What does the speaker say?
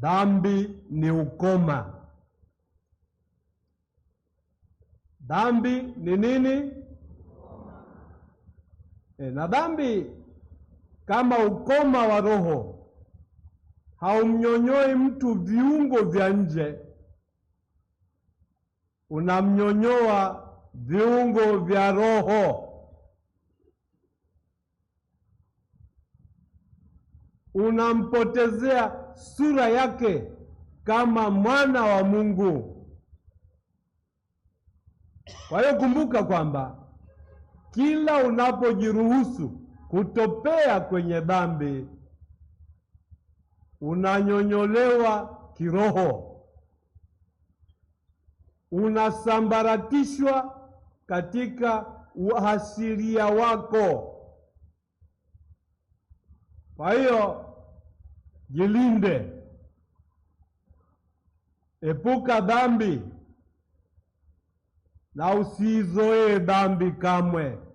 Dhambi ni ukoma. Dhambi ni nini? E, na dhambi kama ukoma wa roho haumnyonyoi mtu viungo vya nje, unamnyonyoa viungo vya roho. Unampotezea sura yake kama mwana wa Mungu. Kwa hiyo kumbuka kwamba kila unapojiruhusu kutopea kwenye dhambi unanyonyolewa kiroho, unasambaratishwa katika uhasiria wako. Kwa hiyo Jilinde, epuka dhambi na usizoe dhambi kamwe.